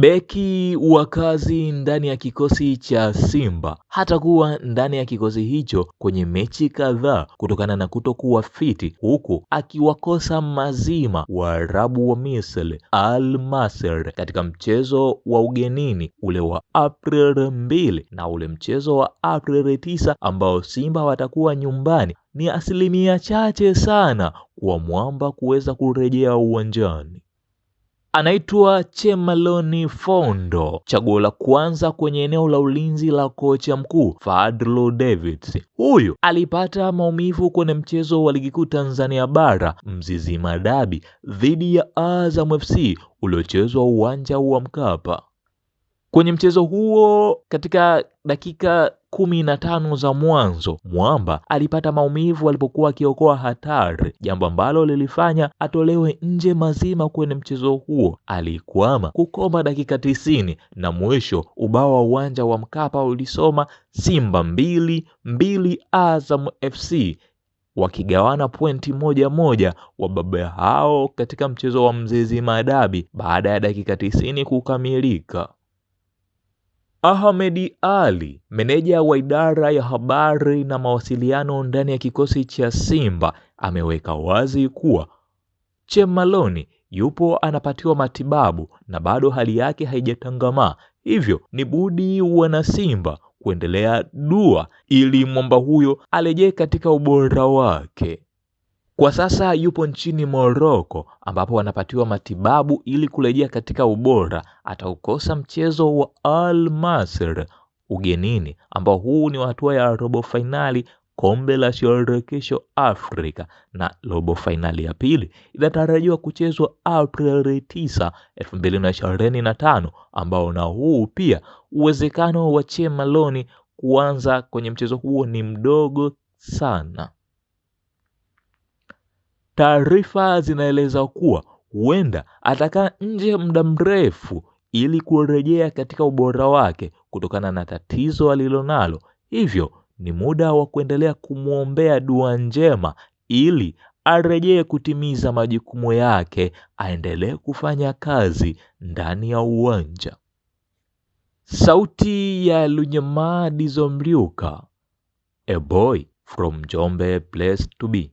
Beki wa kazi ndani ya kikosi cha Simba hatakuwa ndani ya kikosi hicho kwenye mechi kadhaa kutokana na kutokuwa fiti, huku akiwakosa mazima Waarabu wa Misri Al Masr katika mchezo wa ugenini ule wa April mbili na ule mchezo wa April tisa ambao Simba watakuwa nyumbani. Ni asilimia chache sana kwa mwamba kuweza kurejea uwanjani anaitwa Chemaloni Fondo, chaguo la kwanza kwenye eneo la ulinzi la kocha mkuu Fadlu Davids. Huyu alipata maumivu kwenye mchezo wa ligi kuu Tanzania bara Mzizima Dabi dhidi ya Azam FC uliochezwa uwanja wa Mkapa. Kwenye mchezo huo katika dakika kumi na tano za mwanzo, Mwamba alipata maumivu alipokuwa akiokoa hatari, jambo ambalo lilifanya atolewe nje mazima kwenye mchezo huo. Alikwama kukoma dakika tisini na mwisho ubao wa uwanja wa Mkapa ulisoma Simba mbili mbili Azam FC wakigawana pointi moja moja wa baba hao katika mchezo wa Mzizima Dabi baada ya dakika tisini kukamilika. Ahmed Ali, meneja wa idara ya habari na mawasiliano ndani ya kikosi cha Simba, ameweka wazi kuwa Chemaloni yupo anapatiwa matibabu na bado hali yake haijatangamaa, hivyo ni budi wana simba kuendelea dua ili mwamba huyo arejee katika ubora wake. Kwa sasa yupo nchini Morocco ambapo anapatiwa matibabu ili kurejea katika ubora. Ataukosa mchezo wa Al Masr ugenini ambao huu ni hatua ya robo fainali kombe la shirikisho Afrika, na robo fainali ya pili inatarajiwa kuchezwa Aprili 9, 2025, ambao na huu pia uwezekano wa Chemaloni kuanza kwenye mchezo huo ni mdogo sana. Taarifa zinaeleza kuwa huenda atakaa nje muda mrefu ili kurejea katika ubora wake kutokana na tatizo alilonalo. Hivyo ni muda wa kuendelea kumwombea dua njema ili arejee kutimiza majukumu yake, aendelee kufanya kazi ndani ya uwanja. Sauti ya Lunyamaa dizomliuka a boy from Njombe place to be.